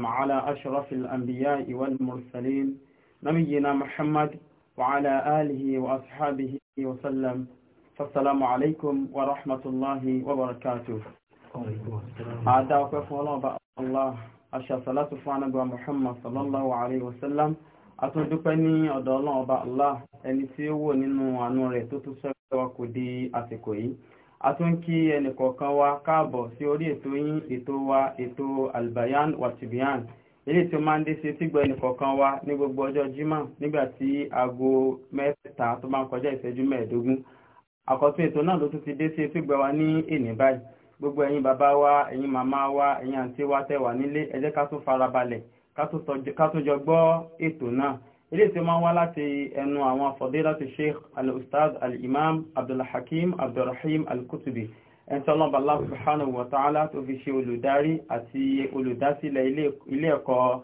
على أشرف الأنبياء والمرسلين نبينا محمد وعلى آله وأصحابه وسلم فالسلام عليكم ورحمة الله وبركاته هذا وكف الله الله أشهد صلاة فانا محمد صلى الله عليه وسلم أتوجبني ní ọ̀dọ̀ ọlọ́ọ̀bá الله ẹni tí ó wò nínú àánú rẹ̀ a tún kí ẹnìkọ̀ọ̀kan wa káàbọ̀ sí orí ètò yín ètò wa ètò albayan watibian ilé tí ó máa ń dé sí tígbọ́ ẹnìkọ̀ọ̀kan wa ní gbogbo ọjọ́ jímọ̀ nígbà tí aago mẹ́ta tó máa ń kọjá ìṣẹ́jú mẹ́ẹ̀ẹ́dógún àkọ́tún ètò náà ló tún ti dé sí tígbọ́ wa ní èní báyìí gbogbo ẹ̀yin bàbá wa ẹ̀yin màmá wa ẹ̀yin àǹtí wa tẹ́ wà nílé ẹ jẹ́ ká tún farabalẹ̀ ká tún jọ gbọ́ ètò náà ilé tí ó máa ń wá láti ẹnu àwọn fadilatu sheikh al-ustaz al-imam abdulhakim abdulrahim al-kutubi ẹ̀ntọ́ ọlọ́ba Allah subhanahu wa ta'ala tó fi ṣe olùdarí àti olùdásílẹ̀ ilé ẹ̀kọ́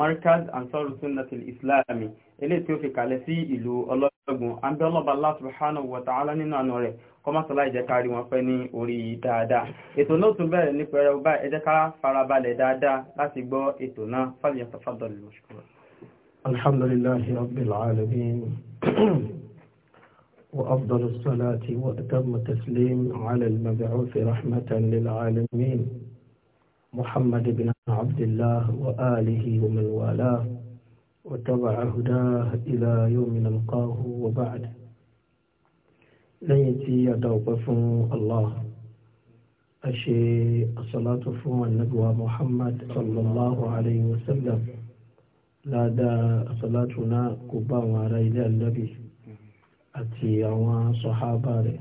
markaz ansarus sunnatul islami ilé tí ó fi kalẹ̀ sí ìlú ọlọ́gbọ̀n àbí ọlọ́ba Allah subhanahu wa ta'ala nínú àánú rẹ̀ kọmásọ́lá ìjẹ́kárí wọn pẹ́ ní orí dáadáa ètò náà tún bẹ̀rẹ̀ ní pẹ̀rẹ̀ ọba ẹjẹ́ká farabalẹ̀ dáadáa láti gbọ́ ètò náà fàlìyàn tafadọ́lù mashkura الحمد لله رب العالمين وأفضل الصلاة وأتم تسليم على المبعوث رحمة للعالمين محمد بن عبد الله وآله ومن والاه وتبع هداه إلى يوم نلقاه وبعد لن يدوب الله أشي الصلاة فوق النبوة محمد صلى الله عليه وسلم ládàá àsàlátù náà kó bá àwọn ará ilé ànábì àti àwọn sọ̀hábà rẹ̀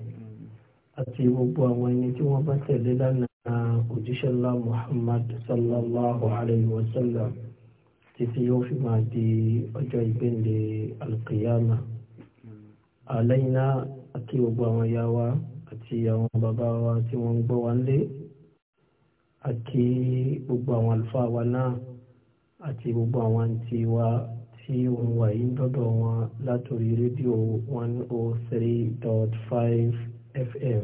àti gbogbo àwọn ẹni tí wọ́n bá tẹ̀lé lánàá òjíṣẹ́ ńlá Muhammad sallallahu alayhi wa sallam títí yóò fi máa di ọjọ́ ìgbéǹde alqiyama àlẹ́yìnà àti gbogbo àwọn ìyá wa àti àwọn bàbá wa tí wọ́n ń gbọ́ wa ń lé àti gbogbo àwọn àlùfáà wa náà àti gbogbo àwọn àǹtí wa tí òun wà yìí ń dọ́dọ̀ wọn látòrí rédíò one oh three dot five fm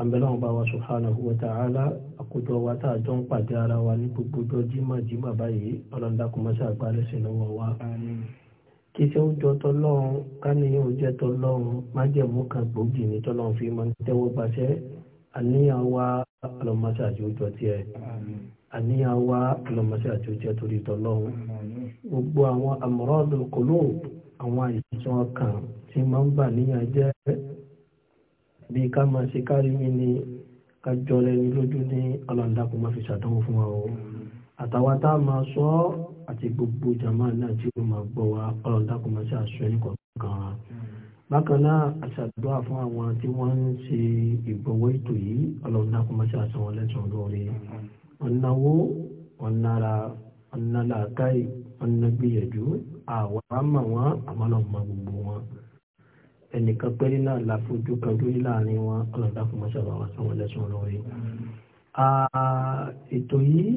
àmbẹ́lọ́wọ́n bá wa subhanahu wa ta'ala àkójọ wa tá a jọ ń pàdé ara wa ní gbogbo ọjọ́ jímọ̀jímọ̀ báyìí ọlọ́ndàkùnmọ́sá àgbálẹ́sẹ̀ lọ́wọ́ wa. Àmín kí tí ó jọ tọlọ́run káníyàn ó jẹ́ tọlọ́run májẹ̀mú kan gbòógì ní tọlọ́run fi máa ń tẹ́wọ́ gbaṣẹ́ àníyàn wa ọlọ́mọṣáàjì ó jọ tiẹ̀ àníyàn wa lọ́mọṣẹ́ àti oúnjẹ torí tọ́lọ́run gbogbo àwọn amradul qulub àwọn àìsàn ọkàn tí máa ń bà níyàn jẹ́ bí ká máa ṣe kárí mi ni ká jọrẹ ní lójú ní ọlọ́ndàkùn máa fi ṣàdánwò fún wa o àtàwọn tá a máa sọ àti gbogbo jàmá náà tí ó máa gbọ́ wa ọlọ́ndàkùn máa ṣe àṣọ ẹni kọ̀ọ̀kan wa bákan náà àṣàdúrà fún àwọn tí wọ́n ń ṣe ìgbọ̀wọ́ ètò yìí ọlọ́ndàkùn máa ṣe àṣọ wọn lẹ́sàn-án lórí ọ̀nà wo ọ̀nà ra ọ̀nà àwọn àmà wọn àmọ́ gbogbo wọn ẹnìkan pẹ́lú náà la fojú kan dúró láàrin wọn ọlọ́dà fún mọ́ṣáláà wọn sanwó lẹ́sùn lórí. ètò yìí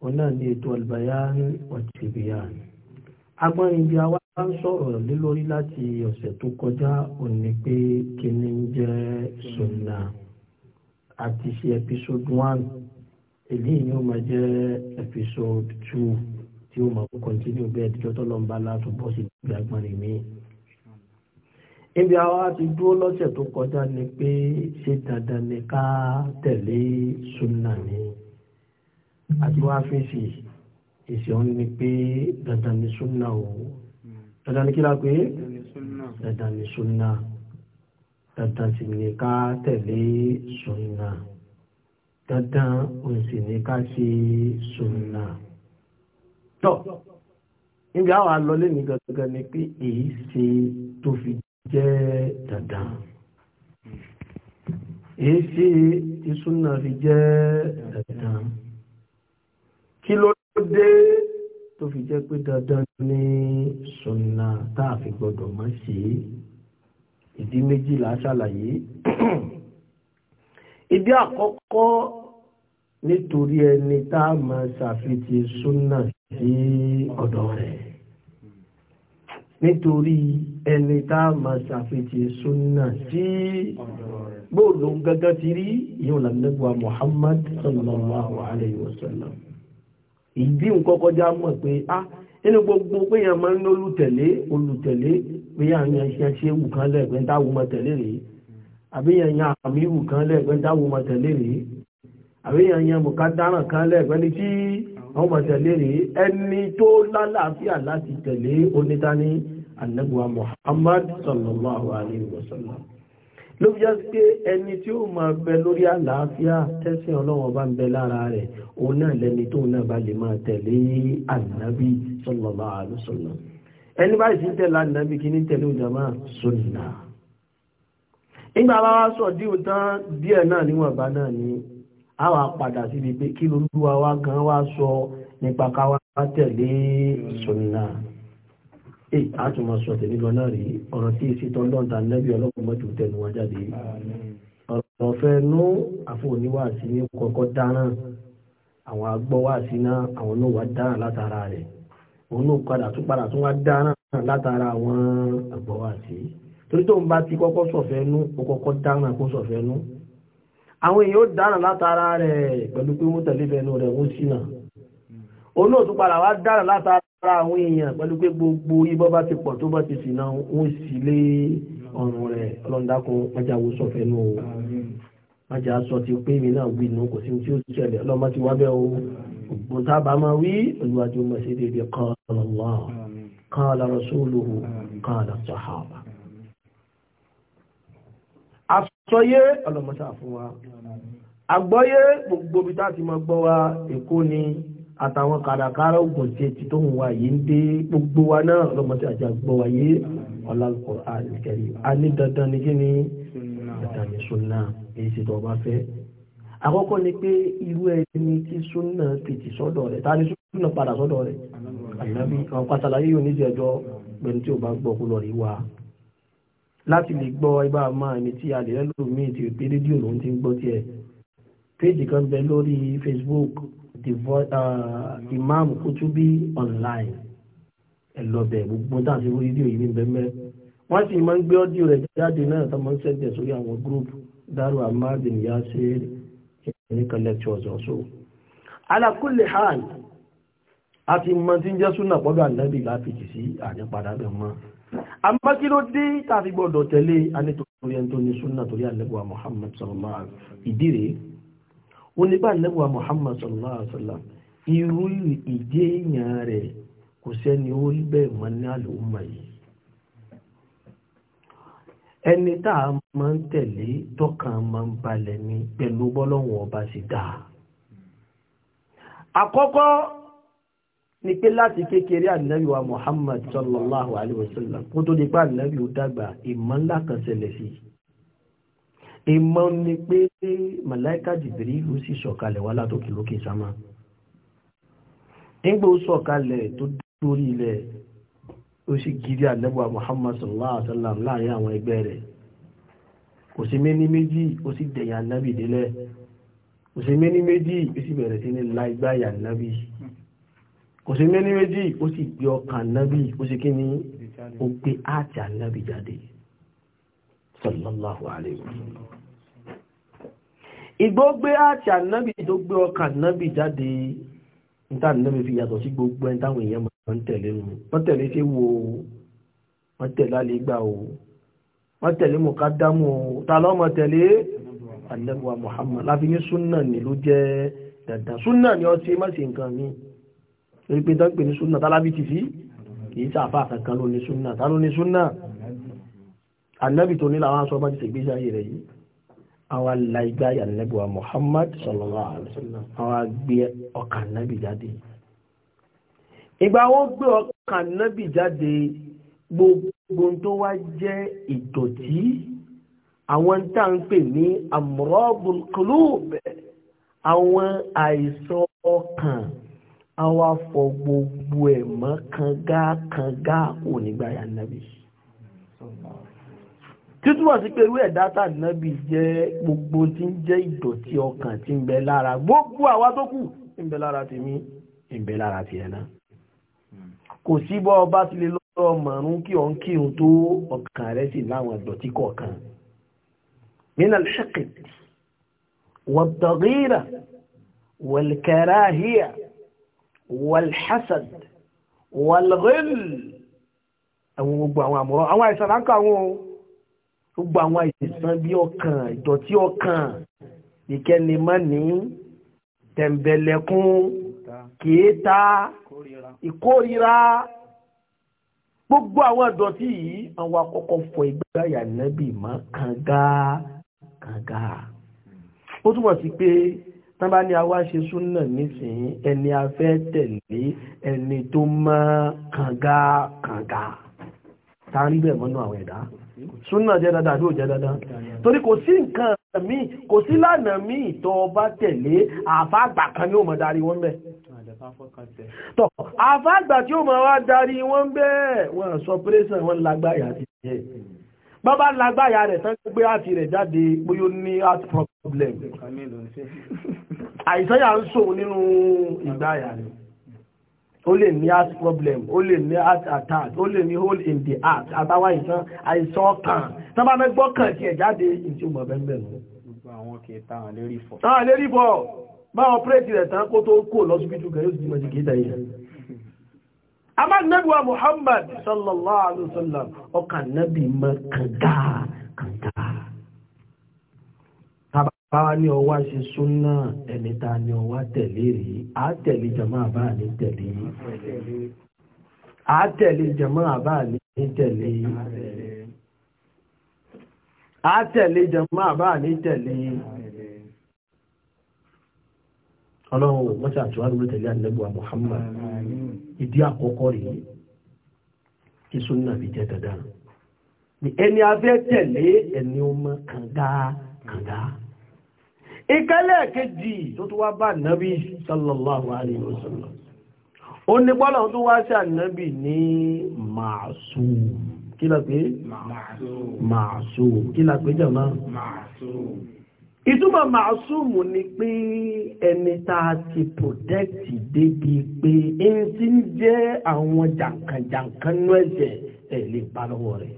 wọn náà ní ètò albayan wa tibiyan agbọ́nrin bí a wá ń sọ̀rọ̀ lé lórí láti ọ̀sẹ̀ tó kọjá òní pé kíni ń jẹ́ sunna àti ṣe episode one èyí ni ó máa jẹ́ episode two tí ó máa continue bẹ́ẹ̀ tíjọ́ tó lọ́n bá látò bọ́ sí ìgbà agbọ́nrin mi. ibi àwa ti dúró lọ́sẹ̀ tó kọjá ni pé ṣé dandan ni ká tẹ̀lé sunna ni àti wá fèsì ìṣẹ́wọ́n ni pé dandan ni sunna o dandan ni kí la pé dandan ni sunna dandan sì ni ká tẹ̀lé sunna dandan òsì ní ká ṣe sunna. tọ́ níbi àwọn alọ́lé mi gangan ni pé èyí ṣe tó fi jẹ́ dandan. èyí ṣe tí sunna fi jẹ́ dandan. kí ló dé tó fi jẹ́ pé dandan ní sunna tá a fi gbọ́dọ̀ má ṣe é ìdí méjìlá ṣàlàyé ìdí àkọ́kọ́ nítorí ẹni tá a máa ṣàfitì súnà sí ọ̀dọ̀ rẹ̀ nítorí ẹni tá a máa ṣàfitì súnà sí bóòlù gẹ́gẹ́ ti rí yóò lànàgbà Muhammad sallallahu alayhi wa sallam ìdí nǹkan kọjá mọ̀ pé a ah, nínú gbogbo pé yẹn máa ń olùtẹ̀lé olùtẹ̀lé pé yẹn àyàn ṣe ṣe wù kan lẹ́ẹ̀pẹ́ táwọn ọmọ tẹ̀lé rèé àbí yẹn yan àmì wù kan lẹ́ẹ̀pẹ́ táwọn ọmọ tẹ̀lé rèé àríyàn yan mùkádáràn kan lẹ́ẹ̀pẹ́ni tí àwọn ọmọ tẹ̀lé rí ẹni tó lálàáfíà láti tẹ̀lé onítání annabuwa Muhammad sallallahu alaihi wasallam ló fi jásí pé ẹni tí ó máa bẹ lórí àlàáfíà tẹ́sìn ọlọ́wọ́ bá ń bẹ lára rẹ̀ òun náà lẹni tó náà bá lè máa tẹ̀lé annabi sallallahu alaihi wasallam ẹni báyìí sí tẹ̀lé annabi kí ní tẹ̀lé òjàmá sunnah nígbà bá wá sọ díò tán díẹ̀ náà níwọ̀nba náà ni àwa padà síbi pé kí lolúwa wa gan wa sọ nípa káwa tẹ̀lé sunna èyí eh, àtúmọ̀ sọ tẹ̀lé lọ náà rí ọ̀rọ̀ tí èsì tọ́ lọ́ǹda nẹ́bí ọlọ́pọ̀mọ́tò tẹnu wọn jáde ọ̀rọ̀ fẹ́ nú àfọ̀níwáàsí ní kọ́kọ́ dáná àwọn agbọ́wáàsí náà àwọn náà wá dáná látara rẹ̀ òun náà padà tún padà tún wá dáná látara àwọn agbọ́wáàsí torí tóun bá ti àwọn èèyàn ó dára látara rẹ̀ pẹ̀lú pé wọ́n tẹ̀lé fẹ́nu rẹ̀ wọ́n sínà olóòtú padà wá dára látara àwọn èèyàn pẹ̀lú pé gbogbo ibọ́ bá ti pọ̀ tó bá ti sìnà wọ́n sì lé ọ̀rùn rẹ̀ ọlọ́ndàkùn ọjà wo sọ fẹ́nu o ọjà sọ ti pé mi náà wí nù kò sí tí ó ṣẹlẹ̀ ọlọ́mọ ti wá bẹ́ẹ̀ o ògùn tábà máa wí olùwàjú mọ̀ sí dédé qala Allah qala rasuluhu qala sahaba sọyé ọlọ́mọṣà fún wa àgbọ́yé gbogbo bí tá ti mọ gbọ́ wa èkó ni àtàwọn kàràkàrà ògùn tí ti tó hùn wa yìí ń dé gbogbo wa náà ọlọ́mọṣà àti àgbọ́ wa yé ọlọ́kọ̀ àìkẹrì a ní dandan ni kí ni dandan ni sunna èyí láti lè gbọ́ ẹgbà máa ní tí a lè rẹ́lò mí ti pé rédíò lòun ti ń gbọ́ tiẹ̀ péjì kan bẹ lórí Facebook the Imam Kutubi online ẹ lọ bẹ gbogbo tá à ń ṣe rédíò yìí ní bẹ́ẹ̀ wọ́n sì máa ń gbé ọ́díò rẹ̀ jáde náà tó máa ń sẹ́gbẹ̀ sórí àwọn gúrúùpù Daru Ahmad nìyá ṣe clinical lectures also. ala kulli hal àti mọ̀ tí ń jẹ́ súnà pọ́gà nẹ́bì láfi jì sí àdípadà bẹ̀ mọ́ àmọ́ kí ló dé tàbí gbọ́dọ̀ tẹ̀lé anítorí ẹni tó ní súnà torí àlẹ́bùwà Muhammad sallallahu alaihi wasallam ìdí rèé ó nígbà àlẹ́bùwà Muhammad sallallahu alaihi wasallam irú ìdí èèyàn rẹ̀ kò sẹ́ni ó rí bẹ́ẹ̀ mọ́ ní àlùmọ́ yìí ẹni tá a máa ń tẹ̀lé tọ́kàn máa ń balẹ̀ ní pẹ̀lú bọ́lọ́wọ̀n ọba sì dáa àkọ́kọ́ ni pé láti kékeré ànábì wa muhammad sallallahu alaihi wasallam kó tó di pé ànábì ó dàgbà ìmọ̀ ńlá kan ṣẹlẹ̀ sí ìmọ̀ ni pé màláíkà jìbìrìlù sì sọ̀kalẹ̀ wá látòkè lókè sámá nígbà ó sọ̀kalẹ̀ tó dórí ilẹ̀ ó sì gidi ànábì wa muhammad sallallahu alaihi wasallam láàrin àwọn ẹgbẹ́ rẹ̀ kò sí méní méjì ó sì gbé ọkàn nábì ó sì kí ni ó gbé áàtì ànábì jáde sallallahu alayhi wa sallam ìgbó gbé áàtì ànábì tó gbé ọkàn nábì jáde níta nábì fi yàtọ̀ sí gbogbo ẹni táwọn èèyàn máa ń tẹ̀lé nu wọ́n tẹ̀lé sí wo wọ́n tẹ̀lé àlégbà o wọ́n tẹ̀lé mùkádámù o ta lọ́mọ tẹ̀lé ànábì Muhammad láfi ní súnà ní ló jẹ́ dandan súnà ni ó má ṣe nǹkan míì torí pé dọ́gbẹ̀ ní súnà tálábí ti fi kìí sàfà kankan ló ní súnà tá ló ní súnà annabi tó nílà wọn sọ bá ṣe gbéṣà yìí rẹ̀ yìí àwọn láìgbá annabi muhammad sallallahu alaihi wasallam àwọn gbé ọkàn annabi jáde ìgbà wọn gbé ọkàn annabi jáde gbogbo tó wá jẹ́ ìdọ̀tí àwọn tá ń pè ní amradul qulub àwọn àìsàn ọkàn a wá fọ gbogbo ẹ̀ mọ́ kanga kanga kò nígbà yà nàbì títúmọ̀ sí pé irú ẹ̀dá tàbí jẹ́ gbogbo tí ń jẹ́ ìdọ̀tí ọkàn tí ń bẹ lára gbogbo àwa tó kù ń bẹ lára tèmi ń bẹ lára tìẹ náà kò sí bọ́ ọba ti lè lọ́rọ̀ mọ̀rún kí ọ̀n kírun tó ọkàn rẹ̀ sì láwọn ìdọ̀tí kọ̀ọ̀kan min al-haqq wal-daghira wal-karahiyya walhasad walghil àwọn gbogbo àwọn àmúràn àwọn àìsàn láńkà àwọn gbogbo àwọn àìsàn bí ọkàn ìdọ̀tí ọkàn ìkẹni mọ́ ní tẹ̀m̀bẹ̀lẹ̀kún kìíta ìkórira gbogbo àwọn ìdọ̀tí yìí àwọn akọ́kọ́ fọ ìgbáyà nẹ́bì mọ́ kànga kànga ó túmọ̀ sí pé tán bá ní awá ṣe súnà nísìnyí ẹni a fẹ́ tẹ̀lé ẹni tó mọ́ kànga kànga ta ń bẹ̀ mọ́nú àwọn ẹ̀dá súnà jẹ́ dáadáa ló jẹ́ dáadáa torí kò sí nǹkan mi kò sí lánàá mi ìtọ́ bá tẹ̀lé àfáàgbà kan ní òmò darí wọn bẹ́ẹ̀ tọ́ àfáàgbà tí ó mọ̀ wá darí wọn bẹ́ẹ̀ wọ́n sọ pírẹ́sàn wọn lágbáyà ti jẹ́ bàbá lágbáyà rẹ̀ tán gbé àti rẹ̀ jáde bóyó ní heart problem àìsàn yà ń sòun nínú ìgbáyà rẹ̀ ó lè ní heart problem ó lè ní heart attack ó lè ní hole in the heart àtàwọn àìsàn àìsàn ọkàn tán bá mẹ́gbọ́ kàn tí ẹ̀ jáde ìtí òmò bẹ́ẹ̀ náà lérí bọ̀ bá ọpẹ́rẹ́tì rẹ̀ tán kó tó kó lọ́sibítù kan yóò ti mọ̀ sí kéta yìí àmá nẹ́bíwá Muhammad sallallahu alaihi wasallam ọkàn nẹ́bí mọ́ kàndá kàndá báwa ní ọwá ṣe súnná ẹni tá a ní ọwá tẹ̀lé rí a tẹ̀lé jama àbá ní tẹ̀lé a tẹ̀lé jama àbá ní tẹ̀lé a tẹ̀lé jama àbá ní tẹ̀lé ọlọ́run wọ́n ṣe àtúwárí ló tẹ̀lé ànẹ́gbà Muhammad ìdí àkọ́kọ́ rí kí súnná fi jẹ́ dandan ẹni a tẹ̀lé ẹni ọmọ kànga kànga ìkẹ́lẹ̀ kejì tó tó wá bá nàbí sallallahu alayhi wa sallam ó ní pọ́lọ̀ tó wá sí ànábì ní màásùm kí la pé màásùm kí la pé jọ̀mọ́ ìtumọ̀ ni pé ẹni tá a ti protect débi pé ẹni tí ń jẹ́ àwọn jàǹkànjàǹkàn nú ẹ̀jẹ̀ ẹ̀ lè bá lọ́wọ́ rẹ̀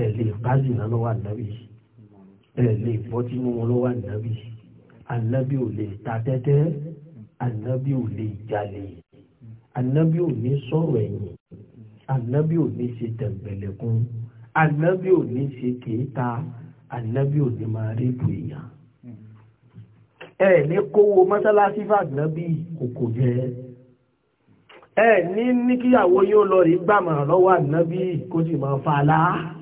ẹ̀ lè bá jìnnà lọ́wọ́ ànábì yìí ẹ lè bọ́ tí mo lọ wà nàbí ànábì ò lè ta tẹ́tẹ́ ànábì ò lè jalè ànábì ò ní sọ̀rọ̀ ẹ̀yìn ànábì ò ní ṣe tẹ̀m̀bẹ̀lẹ̀kún ànábì ò ní ṣe kéèta ànábì ò ní máa rébù èèyàn ẹ ní kówó mọ́sálásí fàgbọ́nbí kòkò jẹ ẹ ní ní kíyàwó yóò lọ rí gbàmọ̀ràn lọ́wọ́ ànábì kó sì máa fa aláà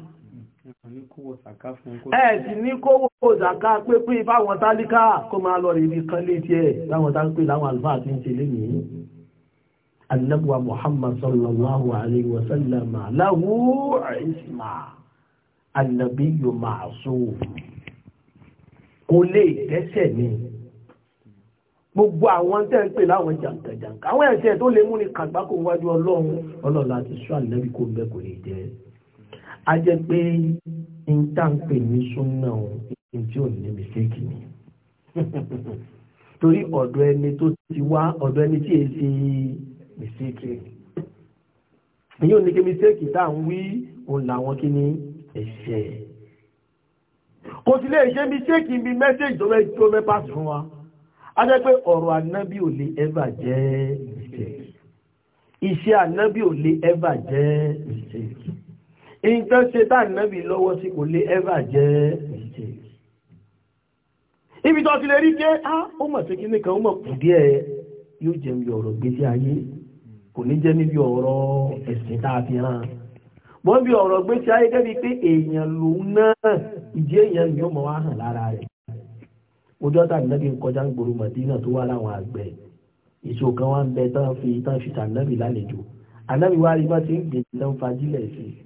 ẹ̀ sì ní kówó zàká pépín fáwọn tálíkà kó máa lọ rèébi kan létí ẹ̀ láwọn tá ń pè láwọn àlùfáà tí ń ṣe lénìí annabuwa muhammad sallallahu alaihi wasallam lahu isma annabiyu ma'sum kò lè dẹ́ṣẹ̀ ni gbogbo àwọn tẹ́ ń pè láwọn jàǹkàjàǹkà àwọn ẹ̀ṣẹ̀ tó lè mú ni kàgbákò wájú ọlọ́run ọlọ́run láti sọ ànábì kò ń bẹ kò lè jẹ́ a jẹ́ pé n tá n pè ní súnà o n tí ò ní mistake ni torí ọ̀dọ̀ ẹni tó ti wá ọ̀dọ̀ ẹni tí èsì mistake ni yóò ní kí mistake tá à ń wí òun làwọn kí ni ẹ̀ṣẹ̀ kò sí lè ṣe mistake bí message tó fẹ́ tó fẹ́ fún wa a jẹ́ pé ọ̀rọ̀ ànábì ò lè ever jẹ́ mistake iṣẹ́ ànábì ò lè ever jẹ́ mistake nǹkan ṣe tá ànábì lọ́wọ́ sí kò lè ẹ́fà jẹ́ ẹ̀jẹ̀ ibi tó ti lè rí jẹ́ á ah, ó mọ̀ sí kí nìkan ó mọ̀ kù díẹ̀ yóò jẹ́ níbi ọ̀rọ̀ gbèsè ayé kò ní jẹ́ níbi ọ̀rọ̀ ẹ̀sìn tá a fi hàn wọ́n bí ọ̀rọ̀ gbèsè ayé débi pé èèyàn lòun náà ìdí èèyàn ni ó mọ̀ wá hàn lára rẹ̀ ojú ọ̀tá ànábì kọjá ń gbòòrò mọ̀dínà tó wá láwọn àgbẹ̀ èso kan wá ń bẹ tán fi tán fi tànábì lálejò ànábì wá rí bá ti ń gbèsè lọ́n fajílẹ̀ sí i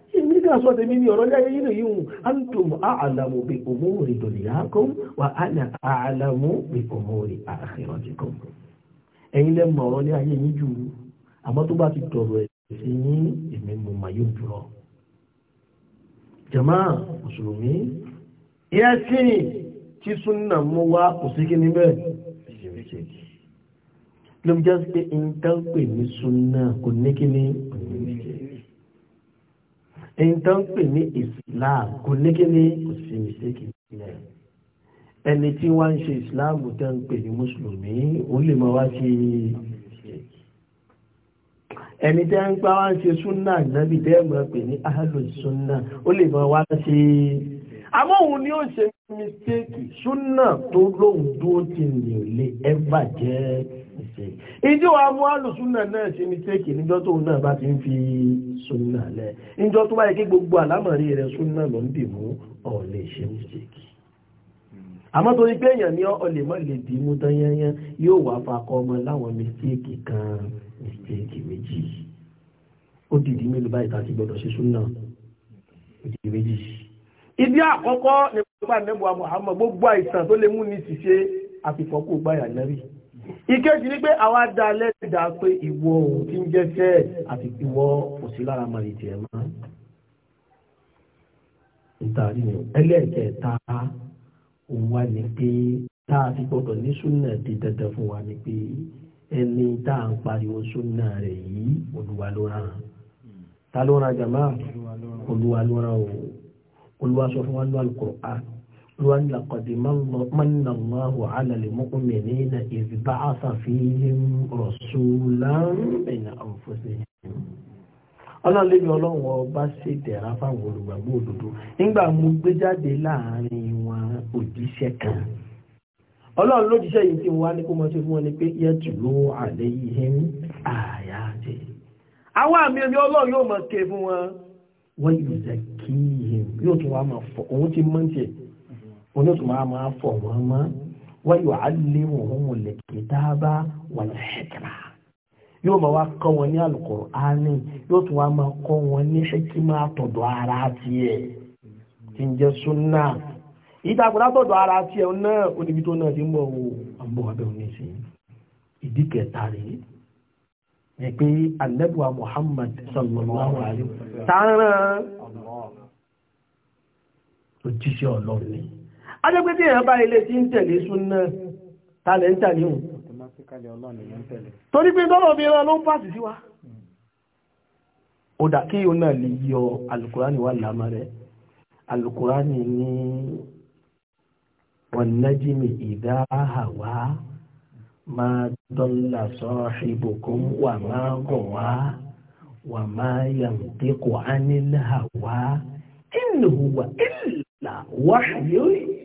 èmi kà sọ tèmi ní ọ̀rọ̀ láyé yìí yìí hùn antum a'lamu bi umuri dunyakum wa ana a'lamu bi umuri akhiratikum ẹ̀yin lẹ́ mọ̀ ọ̀rọ̀ ní ayé yín jù àmọ́ tó bá ti tọrọ ẹ̀ sí yín èmi mo mà yóò jùlọ jama mùsùlùmí ẹ̀sìn tí súnà mú wá kò sí kí níbẹ̀ ló jẹ́ pé nǹkan pè ní súnà kò ní kí ní ẹni tó ń pè ní islam kò ní kí ni kò sí mistake ìpínlẹ̀ ẹni tí wá ń ṣe islam tó ń pè ní mùsùlùmí ó lè mọ wá sí ẹni tẹ́ ń gbá wá ń ṣe súnà nàbì tẹ́ mọ̀ pè ní ahlus súnà ó lè mọ wá sí àmọ́ òun ni ó ṣe mistake súnà tó lóhùn dúró ti nìlè ẹ mistake ìdí wa mú alùsùnà náà ṣe mistake níjọ́ tó náà bá ti ń fi sunna lẹ̀ níjọ́ tó bá yẹ kí gbogbo àlámọ̀rí rẹ̀ sunna ló ń dì mú ọ̀ lè ṣe mistake àmọ́ torí pé èèyàn ní ọlẹ̀ mọ́ lè dì mú tán yányán yóò wá fakọ ọmọ láwọn mistake kan mistake méjì ó dìdí mélòó báyìí tàbí gbọdọ̀ sí súnà ìdí àkọ́kọ́ nípa gbogbo àìsàn tó lè mú ní ṣiṣẹ́ àfikọ́kù gbáyà náà ìkejì ní pé àwọn adá lẹ́dàá pé ìwọ ohun tí ń jẹ́ fẹ́ àti ìwọ òsì lára màrì jẹ́ máa ìtàrí ni ẹlẹ́ẹ̀kẹta òun wá ní pé tá a fi gbọ́dọ̀ ní súnà di dandan fún wa ní pé ẹni tá à ń pariwo súnà rẹ̀ yìí olúwa ló ràn án ta ló ràn jàmá olúwa ló ràn ó olúwa sọ fún wa ní Al-Qur'an wọ́n làkọ̀dì mọ́nàláhù alàlẹ̀ mọ́kànmẹ́ni na ìzìbá àsàfihìn rọ̀ṣúlán ẹ̀yà àwòfọ́sẹ̀. ọlọ́lẹ́bí ọlọ́run ọba ṣe tẹ̀ra fáwọn olùgbàgbọ́ òdodo nígbà mo gbé jáde láàrin wọn òjíṣẹ́ kan ọlọ́run lójíṣẹ́ yìí tí wọ́n wá ní kó mọ́ sí fún wọn ni pé yẹ́tù ló àlẹ́ yìí àyà jẹ́ àwọn àmì omi ọlọ́run yóò mọ̀ ké fún wọn wọ́n yóò zẹ̀ kí yìí yóò tún wá mọ̀ fọ́ òun ti mọ́ tiẹ̀ onótù máa máa fọ̀ wọ́n mọ́ wọ́n yóò allimuhumul kitaba wal hikma yóò máa wá kọ́ wọn ní al-Qur'ani yóò tún wá máa kọ́ wọn ní hikima àtọ̀dọ̀ ara tiẹ̀ tí ń jẹ́ súnà ìdàgbọ́n àtọ̀dọ̀ ara tiẹ̀ náà oníbi tó náà ti ń bọ̀ wò àbọ̀ abẹ́ òní sí ìdí kẹta rèé ẹ pé anabiwa Muhammad sallallahu alaihi wasallam tààrà òjíṣẹ́ ọlọ́run ni ajẹ́pẹ́ tí èèyàn bá ilé tí ń tẹ̀lé súnná tàlẹ̀ ń tàlẹ̀ hùn torí pé tọ́lọ̀ bí ẹran ló ń pàṣì sí wa ó dà kí o náà lè yọ alukurani wà lámà rẹ̀ alukurani ní wọn nájímì ìdá àwá máa dọ́là sahibukum wà máa gùn wá wà máa yantiqu anil hawa in huwa illa wahyun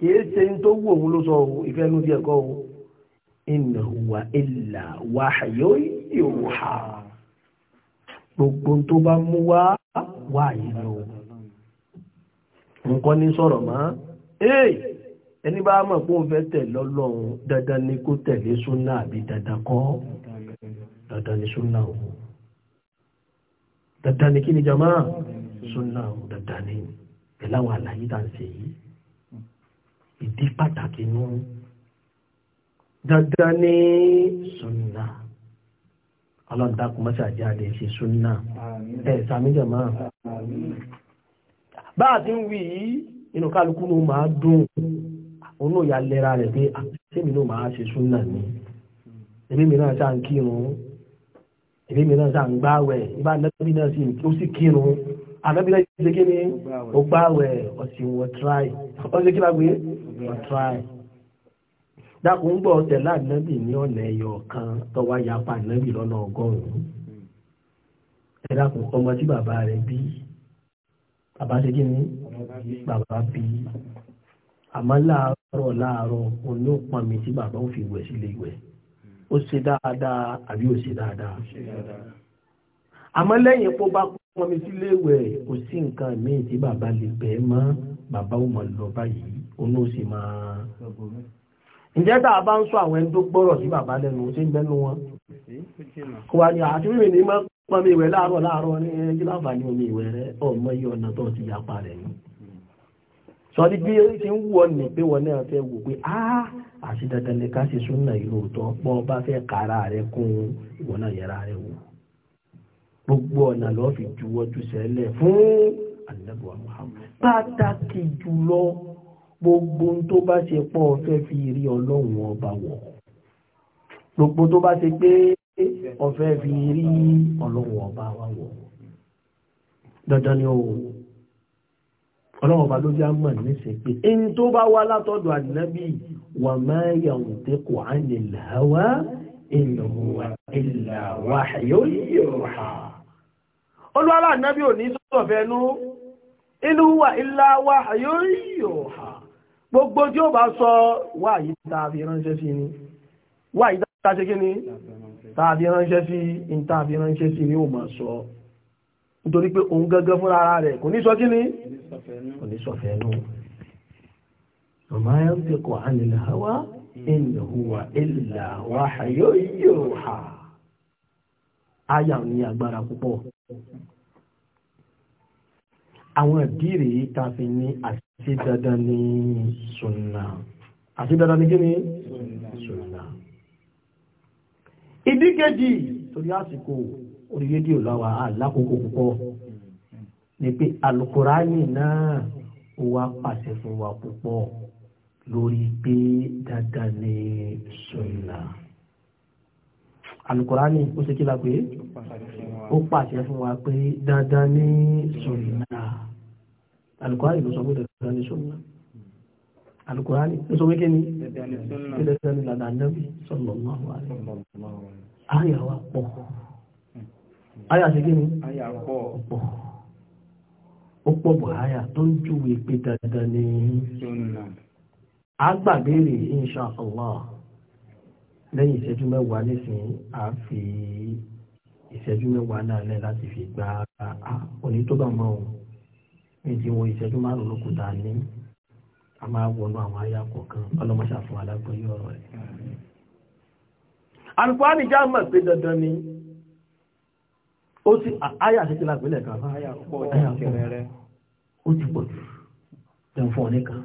kìí ṣe ń tó wù òun ló sọ òun ìfẹ́nu díẹ̀ kọ́ òun inna huwa illa wahyu yuha gbogbo tó bá mú wá wà yìí lọ nǹkan ní sọ̀rọ̀ mọ́ ẹni bá mọ̀ pé òun fẹ́ tẹ̀lé Ọlọ́run dandan ni kó tẹ̀lé súnà àbí dandan kọ́ dandan ni súnà òun dandan ni kí ni jama súnà òun dandan ni pẹ̀láwọn àlàyé tá à ń ṣe yìí ìdí pàtàkì nú dandan ní sunna ọlọ́dàkùnmọ́sí àjẹ́ àlè ṣe sunna ẹ̀ sàmíjàmá bá a ti ń wí yìí inú kálukú ló máa dùn òun náà ya lẹ́ra rẹ̀ pé àtẹ́mi ah, ló máa ṣe sunna ni ẹbí mi náà sáà ń kírun ẹbí mi náà sáà ń gbáwẹ̀ ibà nẹ́bí náà sì ó sì kírun ànábì náà ṣe kí ni ó gbáwẹ̀ ọ̀sìn wọ̀ tíráì ọ̀sìn kí dákun gbọ́ ọ̀tẹ̀ láàdínẹ́bì ní ọ̀nà ẹ̀yọ̀ kan tọ́wá yapa àdínẹ́bì lọ́nà ọgọ́rùn-ún ẹ dákun ọmọ tí bàbá rẹ̀ bí bàbá ṣe kí ni bàbá bí àmọ́ láàárọ̀ láàárọ̀ òní ò pọn mi tí bàbá ò fi wẹ̀ sílé ìwẹ̀ ó ṣe dáadáa àbí ò ṣe dáadáa àmọ́ lẹ́yìn kó bá pọn mi sílé ìwẹ̀ kò sí nǹkan míì tí bàbá lè bẹ́ẹ̀ mọ́ bàbá ò mọ̀ lọ báyìí òun ó sì máa ǹjẹ́ tá a bá ń sọ àwọn ẹni tó gbọ́rọ̀ sí bàbá lẹ́nu ṣe ń bẹ́nu wọn kò wá ní àti rìn ní pọnmi ìwẹ̀ láàárọ̀ láàárọ̀ ní ẹjí láǹfààní omi ìwẹ̀ rẹ ọmọ iye ọ̀nà tó ti yapa rẹ̀ ni sọ ní bí ṣe ń wù ọ nì pé wọn náà fẹ́ wò pé á àti dandan ni ká ṣe súnà ìlú òótọ́ bọ́ ọ bá fẹ́ kára rẹ kún ìwọ náà yẹra rẹ wò gbogbo ọ̀nà lọ́ọ́ fi juwọ́ ju sẹ́lẹ̀ fún àdàbọ̀ Muhammad pàtàkì jùlọ gbogbo tó bá ṣe pọ̀ fẹ́ fi rí ọlọ́run ọba wọ̀ gbogbo tó bá ṣe pé ọ̀fẹ́ fi rí ọlọ́run ọba wa wọ̀ dandan ni o ọlọ́run ọba ló já mọ̀ níṣẹ́ pé ẹni tó bá wá látọ̀dọ̀ ànábì wà máa yà ń tẹ́kọ̀ anil hawa ìlọ̀wà ìlàwà yóò yóò ha olúwa ànábì ò ní sọ̀fẹ́ gbogbo tí ó bá sọ wà yìí tàbí ránṣẹ́ sí ni wà yìí tàbí kí ni tàbí ránṣẹ́ sí ní tàbí ránṣẹ́ sí ni ó máa sọ nítorí pé òun gẹ́gẹ́ fún ara rẹ̀ kò ní sọ kí ni kò ní sọ fẹ́ ní àwọn ìdíre ta fi ní àti dandan ní sunna àti dandan ní kíni sunna ìdíkejì torí àsìkò orí rédíò láwà alákòókò púpọ̀ ni pé alukurani náà ó wá pàṣẹ fún wa púpọ̀ lórí pé dandan ní sunna alukurani ó ṣe kí la pé ó pàṣẹ fún wa pé dandan ní sunna alukurani ló sọ pé dandan ni sunna alukurani ló sọ pé kí ni dandan ni lànà ànábì sallallahu alaihi wasallam àyà wa pọ̀ àyà sí kí ni àyà pọ̀ ó pọ̀ bọ̀ àyà tó ń júwe pé dandan ni sunna agbàbéèrè insha allah lẹ́yìn ìṣẹ́jú mẹ́wàá nísìnyí a fi ìṣẹ́jú mẹ́wàá náà lẹ́ láti fi gba onítọ́bà mọ́ ohun níbi wo ìṣẹ́jú márùn ló kù dáa ní a máa wọnú àwọn ayá kọ̀ọ̀kan ọlọ́mọṣà fún alágbóyé ọ̀rọ̀ rẹ̀. alùpùpù já mọ̀ pé dandan ni ó ti àyà ṣe ti la pínlẹ̀ kan àyà pọ̀ ó ti pọ̀ jù jẹun fún ọ nìkan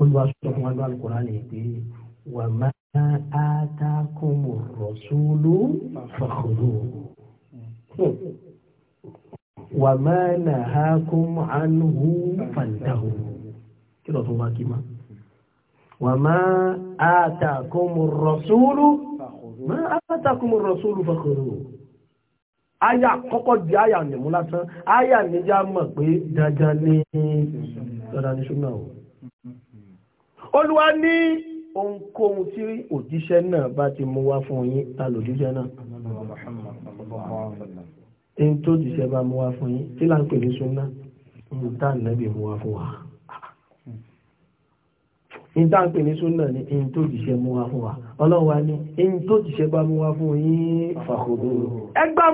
olùwà sọ fún wa lọ́wọ́ alukóra ni pé wà máa átákùn rọ̀ṣúlù fàkùrù. Hmm wà máa nà ha kún àánú fàǹtàhù kí lọ́tún wá kí ma wà máa àtàkùn rọ̀súlù máa àtàkùn rọ̀súlù fàkùrù aya kọ́kọ́ di aya nìmú lásán aya níjà mọ̀ pé dandan ní dandan ní o olúwa ní ohunkóhun tí òjíṣẹ́ náà bá ti mú wá fún yín ta lòjíṣẹ́ náà ẹni tó jìṣẹ́ bá mú wa fún yín tí là ń pè ní súnná ní tá ànábì mú wa fún wa ní tá à ń pè ní súnná ní ẹni tó jìṣẹ́ mú wa fún wa ọlọ́run ní ẹni tó jìṣẹ́ bá mú fún yín fàkòrò ẹgbà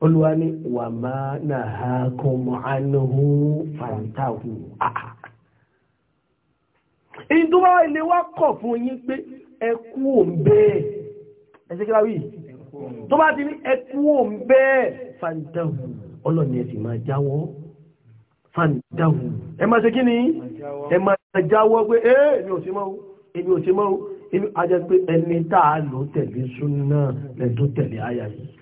olúwa ní wà máa náà ha kọ́ mọ́ ánúhù fàǹtàhù àà ìdúrà ilé wa kọ̀ fún yín pé ẹ kú òǹbẹ́ ẹ̀ṣẹ́ kí láwí tó bá ti ní ẹ kú òǹbẹ́ fàǹtàhù ọlọ́ni ẹ sì máa jáwọ́ fàǹtàhù ẹ máa ṣe kí ni ẹ máa jáwọ́ pé ẹ èmi ò ṣe mọ́ èmi ò ṣe mọ́ èmi ajẹ́ pé ẹni tá a lò tẹ̀lé súnà lẹ́tọ́ tẹ̀lé àyà yìí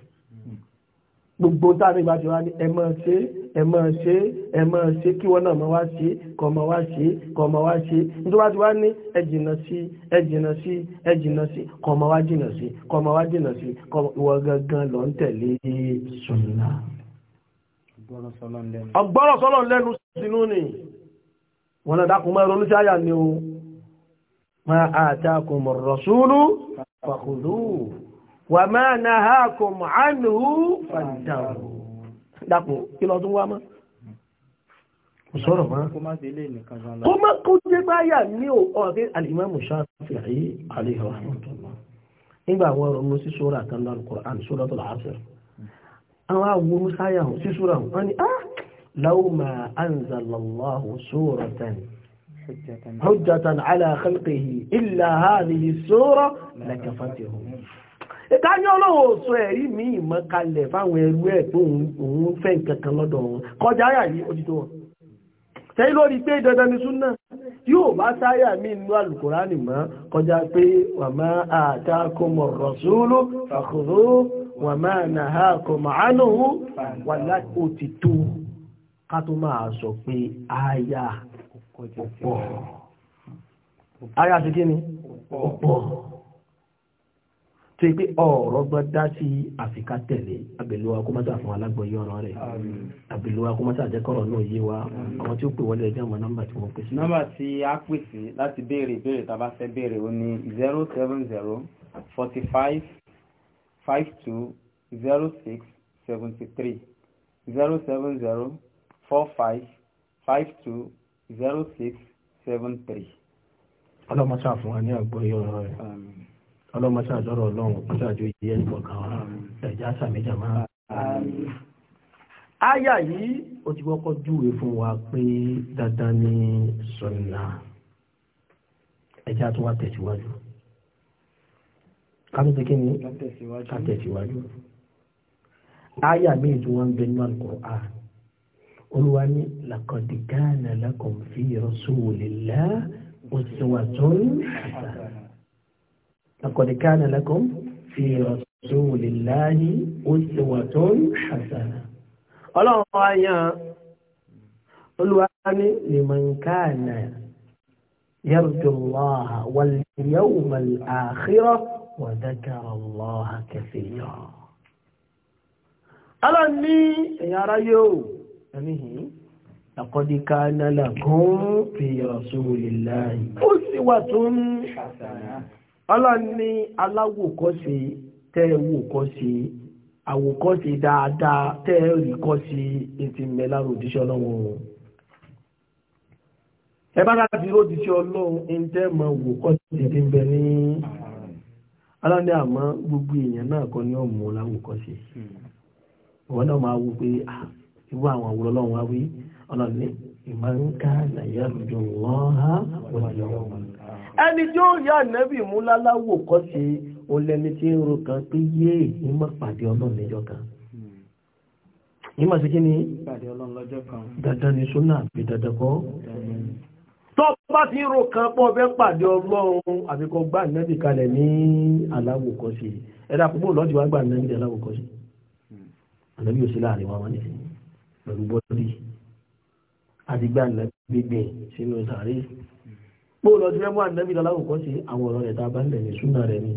gbogbo táàrí ìgbà tí wá ní ẹ máa ṣe ẹ máa ṣe ẹ máa ṣe kí wọ́n náà máa wá ṣe kó máa wá ṣe kó máa wá ṣe nítorí wá ti wá ní ẹ jìnnà sí ẹ jìnnà sí ẹ jìnnà sí kó máa wá jìnnà sí kó máa wá jìnnà sí ìwọ gangan lọ ń tẹ̀lé sùnnà. ọgbọ́rọ̀ sọ́lọ̀ lẹ́nu sínú ni wọn náà dákun máa ronú o máa àtàkùn وما نهاكم عنه فانتهوا داكو كيلو تو واما وصرف وما كنت بايا نيو اوتي الامام الشافعي عليه رحمه الله ان باو موسي سوره كان القران سوره العصر اوا موسى يا موسي سوره اني اه لو ما انزل الله سوره حجة على خلقه إلا هذه السورة لكفتهم ká ní ọlọ́run òsọ ẹ̀rí mi ìmọ̀ kalẹ̀ fáwọn ẹrú ẹ̀ tó òun fẹ́ nǹkan kan lọ́dọ̀ wọn kọjá àyà yìí ó ti tó wọn sẹ́yìn lórí pé dandan ni súnà yóò bá sáyà mí inú alùkùránì mọ́ kọjá pé wà máa àtàkùnmọ̀ rọ̀súlù fàkùrú wà máa nàá kọmọ̀ ánùhù wà láti ó ti tó ká tó kí ni ọ̀pọ̀ tó yẹ pé ọ̀rọ̀ gbọ́ dá sí àfikà tẹ̀lé abèlúwa kó mọ́tà fún alágbọ̀yé ọ̀rọ̀ rẹ̀ abèlúwa kó mọ́tà jẹ́kọ̀rọ̀ náà yé wa àwọn tí ó pè wọlé ẹjọ́ àmọ́ nọ́mbà tí wọ́n pèsè. nọ́mbà tí a pèsè láti béèrè ìbéèrè tá a bá fẹ́ béèrè ó ní zero seven zero forty five five two zero six seventy three zero seven zero four five five two zero six seven three. ọlọ́mọ sáà fún wa ní àgbọ̀yé ọ̀rọ̀ rẹ̀ ọlọ́mọṣá àdọ́rọ̀ ọlọ́run ọjọ́ ìyẹ́ ìkọ̀kan ẹ̀já sàmìjà máa áyà yìí ó ti kọ́kọ́ júwe fún wa pé dandan ní sọ̀nà ẹ̀já tó wá tẹ̀síwájú kámẹ́tẹ̀ kí ni ká tẹ̀síwájú áyà míì tí wọ́n ń bẹ nínú Al-Qur'an olúwa ní laqad kana lakum fi rasulillahi uswatun hasanah لقد كان لكم في رسول الله أسوة حسنة الله يا الوان لمن كان يرجو الله واليوم الآخرة وذكر الله كثيرا ألا يا ريو لقد كان لكم في رسول الله أسوة حسنة ọlọ́run ní aláwòkọ́ṣe tẹ́ wòkọ́ṣe dáadáa tẹ́ ríkọ́ṣe ètì mẹ́lára ọlọ́run ẹ bá láti ọlọ́run ń tẹ́ mọ wòkọ́ṣe ti ń bẹ ní ọlọ́run àmọ́ gbogbo èèyàn náà kọ́ ní ọ̀mù náà máa pé ah, irú àwọn àwòrán ọlọ́run wá wí ìmọ̀ ń ká lójú wọ́n ti ẹni tí ó yá ànábì mú láláwò kọ́ sí olẹ́ni tí ń ro kan pé yé ní má pàdé ọlọ́run níjọ́ kan ní má sí kí ni dandan ni súnà àbí dandan kọ́ tó bá ti ro kan pọ̀ fẹ́ pàdé ọlọ́run àbíkọ́ gbá ànábì kalẹ̀ ní aláwò kọ́ sí ẹ̀dá púpọ̀ lọ́dí wá gbà ànábì aláwò kọ́ sí ànábì ò sí láàrin wa wọn ní pẹ̀lú bọ́dí àdìgbà ànábì gbìn sínú sàárè bóò lọ dúrẹ́mú ànábì lọ́láwọ̀ kọ́ sí àwọn ọ̀rọ̀ rẹ̀ tá a bá ń lẹ̀ ní súnà rẹ̀ ni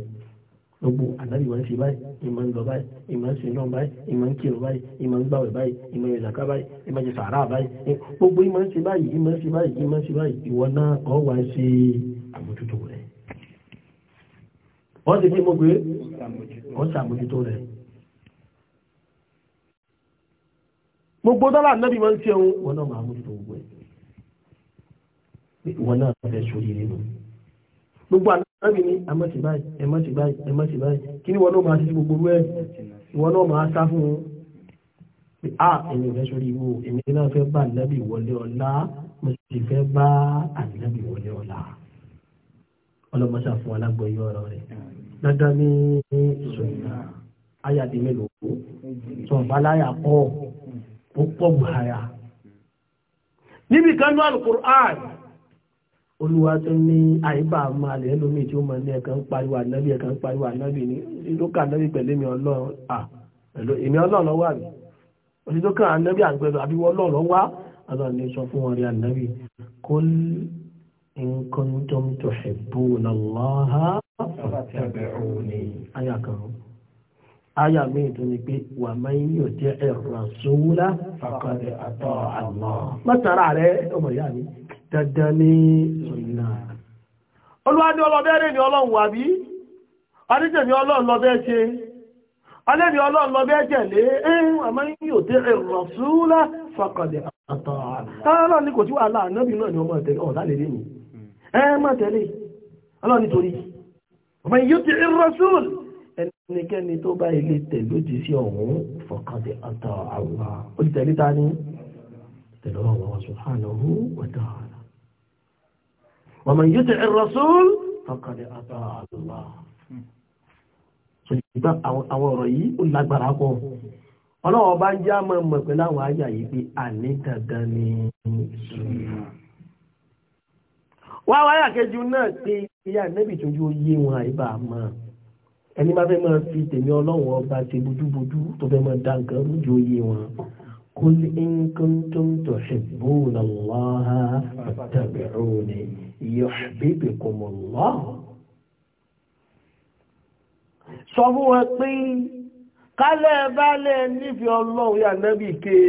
gbogbo ànábì wọn ṣe báyìí ìmọ̀ ń lọ báyìí ìmọ̀ ń sin náà báyìí ìmọ̀ ń kírun báyìí ìmọ̀ ń gbàwẹ̀ báyìí ìmọ̀ ìlàkà báyìí ìmọ̀ ṣe sàárà báyìí gbogbo ìmọ̀ ń ṣe báyìí ìmọ̀ ń ṣe báyìí ìmọ̀ ń ṣe báyìí ìwọ náà ọ wá ṣe àmójútó rẹ̀ wọ́n ti kí mo gbé ọ ṣàmójútó rẹ̀ gbogbo dọ́là ànábì wọn ń ṣe ìwọ náà fẹ́ sórí nínú gbogbo àtàbí ní ẹmọ́tì báyìí ẹmọ́tì báyìí ẹmọ́tì báyìí kí ni wọ́n náà máa ti gbogbo rẹ̀ ìwọ náà máa sá fún un pé a èmi fẹ́ sórí ìwò èmi náà fẹ́ bá ànábì wọlé ọ̀la mo sì fẹ́ bá ànábì wọlé ọ̀la ọlọ́mọṣà fún alágbọ̀yé ọ̀rọ̀ rẹ̀ dandan ní sọ̀rọ̀ ayàdé mélòó sọ̀rọ̀ aláyà pọ̀ ó pọ̀ gbàrà níbi kan náà olúwa tó ní àyíbá máa lè lómi tí ó máa ní ẹ̀kan pariwo ànábì ẹ̀kan pariwo ànábì ní ìlúkà ànábì pẹ̀lú èmi ọlọ́run à pẹ̀lú èmi ọlọ́run lọ́wọ́ àbí òsì tó kàn ànábì àgbẹ̀lú àbí ọlọ́run lọ́wọ́ àlọ́run ní sọ fún wọn rí ànábì kul in kuntum tuhibbuna Allaha fattabi'uni àyà kan àyà míì tó ní pé wa man yuti'ir rasula faqad ata'a Allah mọ́tàrà rẹ̀ ọmọ dandan ní sunna olúwádé ọlọ́bẹ̀ẹ́rẹ́ ni ọlọ́run wà bí adéjẹ̀ ni ọlọ́run lọ́bẹ̀ẹ́ ṣe alẹ́ni ọlọ́run lọ bẹ́ẹ̀ jẹ̀lé ẹ̀hún àmọ́ yóò tẹ́ ẹ̀rọ súúlá fọkànlẹ̀ àtọ̀ ọlọ́run ní kò tí wà láàánúbì náà ni ọmọ tẹ̀lé ọ̀dá lè rí mi ẹ má tẹ̀lé ọlọ́run nítorí ọmọ yóò tẹ́ ẹ̀rọ súúl ẹnikẹ́ni tó bá ilé tẹ̀lé sí ọ̀hún fọkànlẹ̀ àtọ̀ àwọn olùtẹ̀lé ta ni tẹ̀lé ọ̀rọ̀ subhanahu wa ta'ala wa man yuti' ar-rasul faqad ata'a Allah ṣùgbọ́n àwọn ọ̀rọ̀ yìí ó lágbára kọ́ ọlọ́wọ́ bá ń já mọ́ mọ̀ pẹ̀lú àwọn àyà yìí pé àní dandan ni wá wáyà kẹjú náà pé ìyá nẹ́bì tó yóò yé wọn àìbá mọ́ ẹni bá fẹ́ máa fi tèmi ọlọ́wọ́ ọba ṣe bójúbójú tó fẹ́ máa dá nǹkan lójú yé wọn قل إن كنتم تحبون الله فاتبعوني يحببكم الله صفوه الطين قال بالني في الله يا نبي كي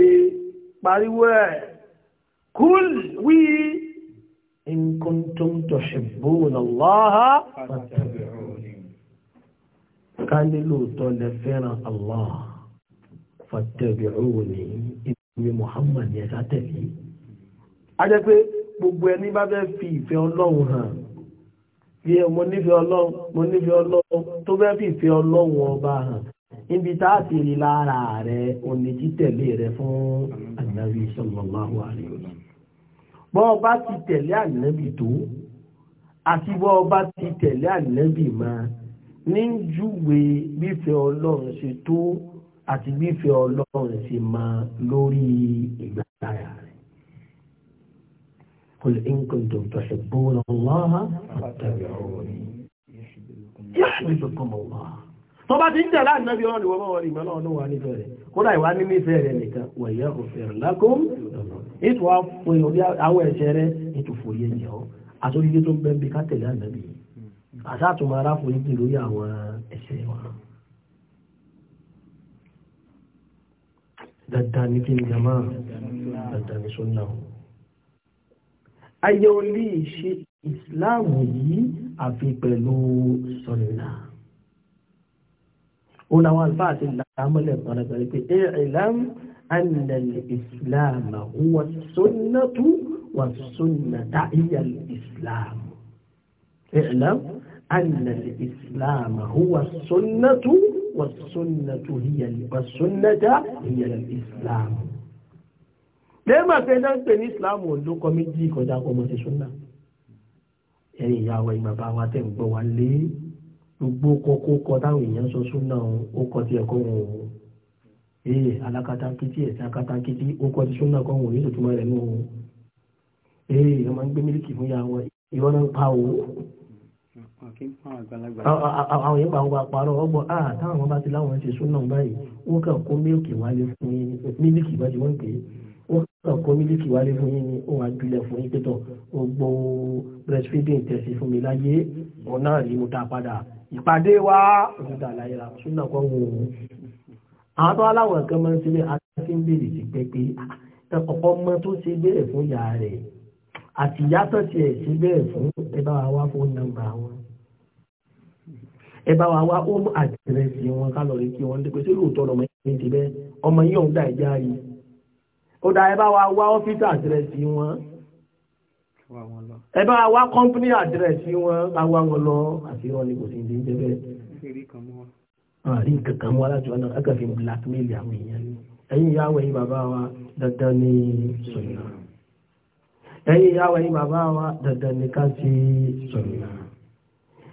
وي قل وي إن كنتم تحبون الله فاتبعوني قال له تولي الله fattabi'uni ìwé Muhammad yẹn ká tẹ̀lé a jẹ́ pé gbogbo ẹni bá fẹ́ fi ìfẹ́ ọlọ́run hàn bí ẹ mo nífẹ̀ẹ́ ọlọ́run mo nífẹ̀ẹ́ ọlọ́run tó fẹ́ fi ìfẹ́ ọlọ́run ọba hàn níbi tá a ti rí lára rẹ̀ òní títẹ̀lé rẹ̀ fún ànábì sallallahu alaihi wasallam bọ́ ọba ti tẹ̀lé ànábì tó àti bọ́ ọba ti tẹ̀lé ànábì máa ní júwe bífẹ́ ọlọ́run ṣe tó àti gbífẹ́ ọlọ́run sì máa lórí ìgbàláyà rẹ̀. Qul in kuntum tuhibbuna Allaha fattabi'uni. Yuhbibkum Allah. Tó bá ti ń tẹ̀lá ànábì ọ̀rọ̀ ìwọ̀n wọn ìmọ̀ náà ló wà nífẹ̀ẹ́ rẹ̀. Kódà ìwà ní nífẹ̀ẹ́ rẹ̀ nìkan wa yaghfir lakum. Ètò àwọn ẹ̀ṣẹ̀ rẹ̀ ètò fòye jẹ́ ọ́. Àtòrídé tó ń bẹ́ẹ̀ bí ká tẹ̀lé ànábì. dandan ní kí ni jama dandan ní sunna o ayé ò lè ṣe ìsìláàmù yìí àfi pẹ̀lú sunna ó làwọn àlùfáà ti làámọ́lẹ̀ pàdàgbàrí pé ẹ ìlànà أن الإسلام هو السنة والسنة هي الإسلام اعلم أن الإسلام هو السنة والسنة هي والسنة هي الإسلام lẹ́mà pé dáńpẹ̀ ní islam ló kọ méjì kọjá kọ mọ̀ sí súnà ẹ̀yìn ìyá wa ìgbàbá wa tẹ̀ ń gbọ́ wa lé gbogbo kọkó kọ táwọn èèyàn sọ súnà ó kọ tí ẹ̀kọ́ wọn o ee alákatakítí ẹ̀sìn akátakítí ó kọ tí súnà kọ́ wọn yóò tó túmọ̀ rẹ̀ nù o ee ọmọ ń gbé mílíkì fún ya wọn ìwọ́n náà ń pa o àwọn yẹn pàwọn bá parọ́ ọgbọ́n ah táwọn ọmọ bá ti láwọn ṣe súnà báyìí wọ́n kàn kó mílìkì wálé fún yín mílìkì bá ti wọ́n pè é wọ́n kàn kó mílìkì wálé fún yín ni òun àjùlẹ̀ fún yín pẹ́tọ̀ gbogbo breastfeeding tẹ̀sí fún mi láyé òun náà rí mo dá padà ìpàdé wa òun dà láyé ra súnà kan wò ó. àwọn tó aláwọ̀ nǹkan máa ń ṣe ní àti ń bèrè sí pé pé ah, ọmọ tó ṣe bẹ́ẹ̀ fún ẹ bá wa wá home address wọn ká lọ rí kí wọ́n dé pé sí lóòótọ́ ọmọ yìí ti bẹ́ ọmọ yìí ọ̀hún dá ìjà rí ó dá ẹ bá wa wá ọ́fíìsì address wọn ẹ bá wa wá company address wọn ká wá wọn lọ àti wọn ni kò sí ní jẹ bẹ́ẹ̀. àrí kankan wọn aláṣọ náà ẹ kàn àwọn èèyàn ẹ̀yin ìyá wẹ̀yìn bàbá wa dandan ní sọ̀rọ̀ ẹ̀yin ìyá wẹ̀yìn bàbá wa dandan ní ká sí sọ̀rọ̀ náà.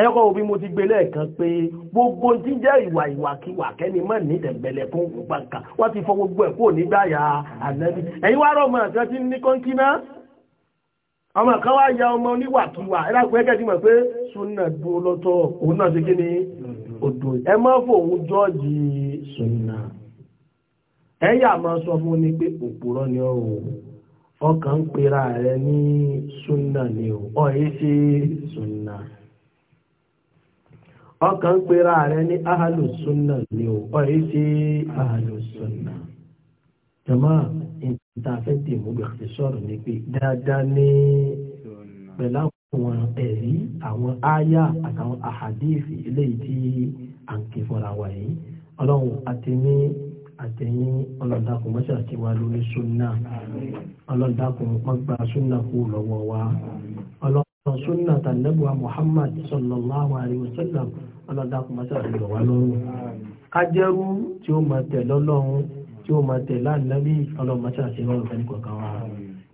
ẹ̀kọ́ òbí mo ti gbé lẹ́ẹ̀kan pé gbogbo jíjẹ́ ìwà ìwàkiwà kẹ́ni mọ́ ní ìdẹ̀gbẹ̀lẹ̀ fún pàǹkà wọ́n ti fọ gbogbo ẹ̀ kó nígbàyà ànábì wá rọ̀ ọmọ kan tí ní kan wá ya ọmọ oníwàkiwà ti mọ̀ pé sunna dúró lọ́tọ̀ òun náà kí ni odò fòun jọ́ọ̀jì sunna yà sọ fún ni pé ni ọkàn ń pera rẹ ní sunna ni ọ̀ ṣe sunna. ọkàn pera rẹ ní ahalu sunna ni o ọ yìí ṣe ahalu sunna jama ìtafẹ́ tèmú gbèsè sọ̀rọ̀ ní pé dáadáa ní pẹ̀lú àwọn ẹ̀rí àwọn àyà àtàwọn àhàdíìsì eléyìí tí à ń ké fúnra wa yìí ọlọ́run àti ní àtẹ̀yìn ọlọ́dàkùn mọ́ṣẹ́ àti wa lórí súnà ọlọ́dàkùn mọ́gbà súnà kú lọ́wọ́ wa ọlọ́run súnà tànẹ́bùwà Muhammad sallallahu alayhi wa sallam ọlọ́dàkùn mọ́ṣáàtì rọ̀ wá lọ́rùn kájẹ́rú tí ó máa tẹ̀ lọ́lọ́run tí ó máa tẹ̀ láàrín ọlọ́mọṣáàtì rọrùn fẹ́ nìkọ̀ọ̀kan wa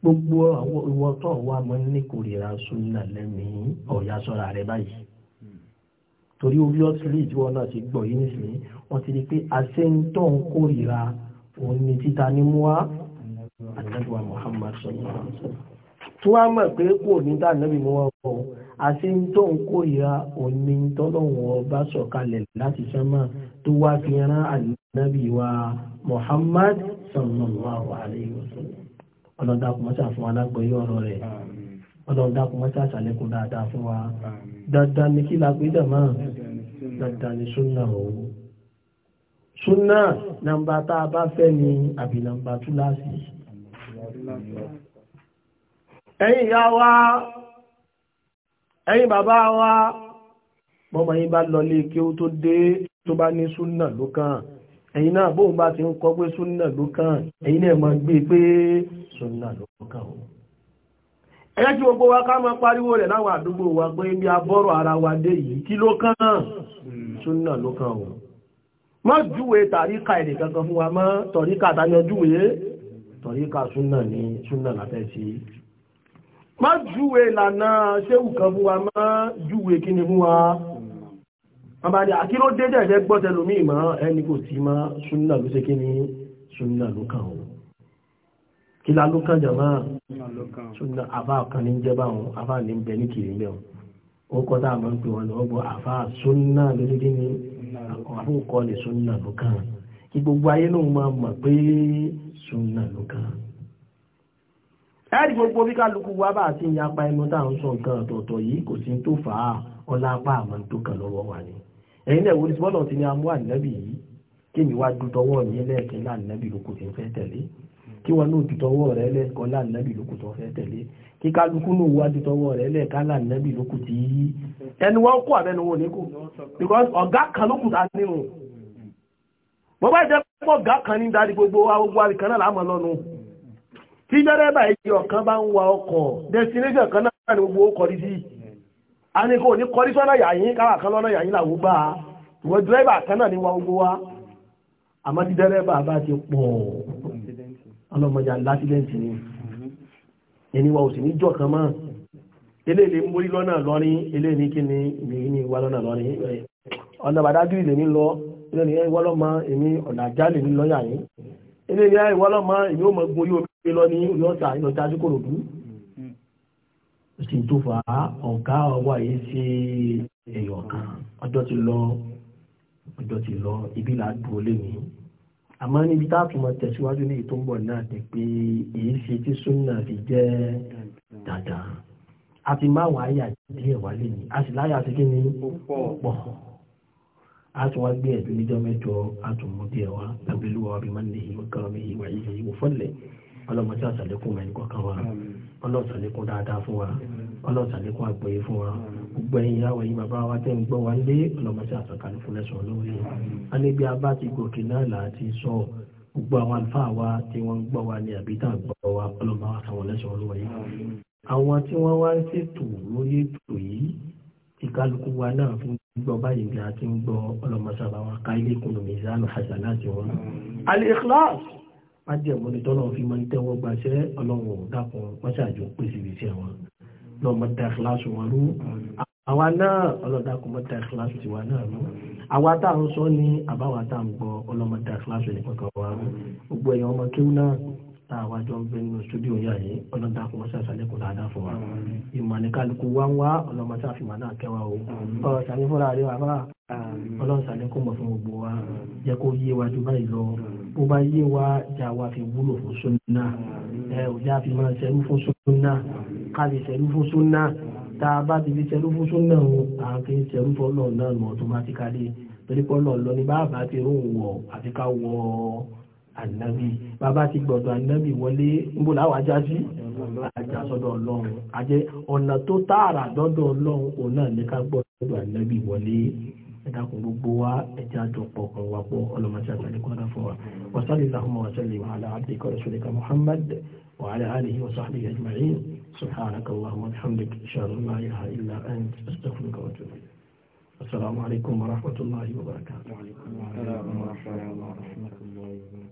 gbogbo àwọn ìwọ tó wà mọ́ ní kòrìíra súnà lẹ́mìí ọ̀yà sọ́ra rẹ̀ báyìí torí orí ọ̀sìlì tí wọ́n náà ti gbọ́ yìí nìsín wọ́n ti di pé àṣẹ́ńtọ̀ ń kórìíra òun ni títa ní mú wá àdàdùwà Muhammad sọ̀rọ̀ tó wá mọ̀ pé kò ní dá nàbì mú wá àṣẹ ń tó ń kórìíra òní tọ́lọ́wọ́ ọba sọ̀kalẹ̀ láti sánmà tó wá fi rán ànábì wa Muhammad sallallahu alayhi wa sallam ọlọ́dà kùmọ́sà fún alágbọ̀yé ọ̀rọ̀ rẹ̀ ni kí la gbé ni súnà òwò súnà nàmbà tá a bá fẹ́ ni ẹ̀yin bàbá wa bọ́mọ yín bá lọ lé kí ó tó dé tó bá ní súnà ló kàn ẹ̀yin náà bóun bá ti ń kọ́ pé súnà ló kàn ẹ̀yin náà máa gbé pé súnà ló kàn ó ẹ̀yẹ́ tí gbogbo wa ká máa pariwo rẹ̀ láwọn àdúgbò wa pé bí a bọ́rọ̀ ara wa dé yìí kí ló kàn súnà ló kàn ó júwe tàríkà èdè kankan fún wa mọ́ tọ̀ríkà tani ọjúwe tọ̀ríkà súnà ní súnà látẹ̀ má júwe ìlànà ṣéwù kan fún wa má júwe kí ni fún wa bàbá ni àkí ló dé dẹ̀dẹ̀ gbọ́tẹ̀ lómi ìmọ̀ ẹni kò tí má súnà ló ṣe kí ni súnà ló kàn ó kí la ló kàn jàmá súnà àbá kan ní jẹ́ báwọn àbá ní bẹ ní kiri mẹ́wọ̀n ó kọ́ tá a máa ń pè wọn lọ́wọ́ gbọ́ àbá súnà ló ṣe kí ni àkọ́kọ́ ni súnà ló kàn kí gbogbo ayé lóun máa mọ̀ pé súnà ló kàn ẹ̀rí gbogbo bí kálukú wa bá ti ń yapa ẹnu tá à ń sọ nǹkan ọ̀tọ̀ọ̀tọ̀ yìí kò sí tó fà á ọlá àmọ́ tó kàn lọ́wọ́ wa ni ẹ̀yin náà wọlé bọ́lọ̀ ti ní amú ànábì yìí kí mi wá dúdọwọ́ mi lẹ́ẹ̀kẹ́ láànábì lóko tó ń fẹ́ tẹ̀lé kí wọn náà dúdọwọ́ rẹ lẹ́ẹ̀kọ́ láànábì lóko tó fẹ́ tẹ̀lé kí kálukú náà wá dúdọwọ́ rẹ lẹ́ẹ̀ká láànábì lóko because ọ̀gá kan ló kù tá nínú bọ́bá ìjẹ́pọ̀ ọ̀gá kan ní darí tí dẹ́rẹ́bà ìjì ọ̀kan bá nwa ọkọ ọkọ̀ destination kan náà ní gbogbo kọrí sí a ní kò ní kọrí sọ́nà yàyín káwà kan lọ́nà yàyín làwó bá a ìwọ̀n dẹ́rẹ́bà kan náà ní wa gbogbo wa àmọ́ ti dẹ́rẹ́bà bá ti pọ̀ ọlọ́mọdé alásídẹ́ǹtì ni ẹni wa ò sì ní jọ kan mọ́ eléèlé ń borí lọ́nà lọ́rin eléèlé kí ni èmi ní wa lọ́nà lọ́rin ọ̀nà bàdágìrì lèmi lọ eléèlé wọ́lọ́mọ èmi ọ̀nà àjálè ní lọ́yà yìí ilé ìyá ìwọ́lọ́mọ yóò mọ̀ gbórí omi lọ ní ìyọ́ta ìlọ́ta tí kò ròdú sì tó fà á ọ̀gá ọwọ́ yìí sí èèyàn kan ọjọ́ ti lọ ọjọ́ ti lọ ibi là á dúró lẹ́nu àmọ́ níbi tá a tún mọ tẹ̀síwájú ní ètò ń bọ̀ náà ni pé èyí ṣe tí súnà fi jẹ́ dandan a ti máa wáyà díẹ̀ wálé ni a sì láyà sí kí ni pọ̀ àtúwá gbé ẹ̀sìn níjọ́ mẹ́jọ àtúmọ̀dé ẹ̀wá tàbílú wa bí mánìlẹ̀ yìí wọ́n kọ́rọ̀ mi yìí wáyé yìí wọ́n fọ́lẹ̀ ọlọ́mọdé àtàlẹ́kùn mẹ́rin kọ̀ọ̀kan wa ọlọ́ọ̀tàlẹ́kùn dáadáa fún wa ọlọ́ọ̀tàlẹ́kùn àgbọ̀yé fún wa gbogbo ẹ̀yin yàwó yìí bàbá wa tẹ́ ń gbọ́ wa lé ọlọ́mọdé àtàkàlẹ́ fún lẹ́sùn olóore a ní bí a bá ti gòkè náà là á ti sọ gbogbo àwọn àlùfáà wa tí wọ́n ń gbọ́ wa ní àbí tá à ń gbọ́ wa ọlọ́mọdé àtàwọn lẹ́sùn olóore àwọn tí wọ́n wá ń ṣètò lórí ìkálukú wa náà fi gbọ́ báyìí la ti ń gbọ́ ọlọ́mọsábà wa ká ilé ìkùnlù mizanu hasanati wọn. al-ikhlas má jẹ́ mọ́ni tọ́lọ́ fi máa ń tẹ́wọ́ gbaṣẹ́ ọlọ́run ò dákun mọ́ṣáájú pèsè ìrìsí àwọn lọ́mọ da ìkíláàsì wọn rú. àwa náà ọlọ́dàkùn mọ́ta ìkíláàsì tiwa náà rú. àwa tá à ń sọ ní àbáwá tá à ń gbọ́ ọlọ́mọ da ìkíláàsì nìkan kan wà rú. gbogbo ẹ̀yàn ọmọ kéwú náà táwa jọ ń gbé nínú stúdíò yà yìí ọlọ́dà kò wọ́n ṣàṣàlẹ̀ kò dáadáa fún wa ìmọ̀ ní kálukú wá ń wá ọlọ́mọdé àfihàn náà kẹwàá o ọ̀rọ̀ sàmì fúnra rẹ̀ wà bá ọlọ́run sàlẹ̀ kò mọ̀ fún gbogbo wa jẹ́ kó yé wa ju báyìí lọ bó bá yé wa jà wa fi wúlò fún sunna ẹ ò já fi máa ṣẹlú fún sunna ká lè ṣẹlú fún sunna tá a bá ti fi ṣẹlú fún sunna o à ń fi ṣẹlú fún ọlọ́run náà nù ọ̀tọ́mátíkálì ànábì bàbá ti gbọ́dọ̀ ànábì wọlé níbo làwọn ajá sí ajá sọ́dọ̀ ọlọ́run ajẹ ọ̀nà tó tààrà dọ́dọ̀ ọlọ́run òun náà ní ká gbọ́dọ̀ ànábì wọlé ẹ̀dàkùn gbogbo wa ẹja àjọpọ̀ kan wà pọ̀ ọlọ́mọṣẹ́ àtàlẹ́kọ́dá fún wa wàsálì làhùnmọ́ wàsálì wàhálà abdika rasulika muhammad وعلى آله وصحبه أجمعين سبحانك اللهم وبحمدك أشهد أن لا إله إلا أنت أستغفرك وأتوب إليك السلام عليكم ورحمة الله وبركاته وعليكم السلام ورحمة الله وبركاته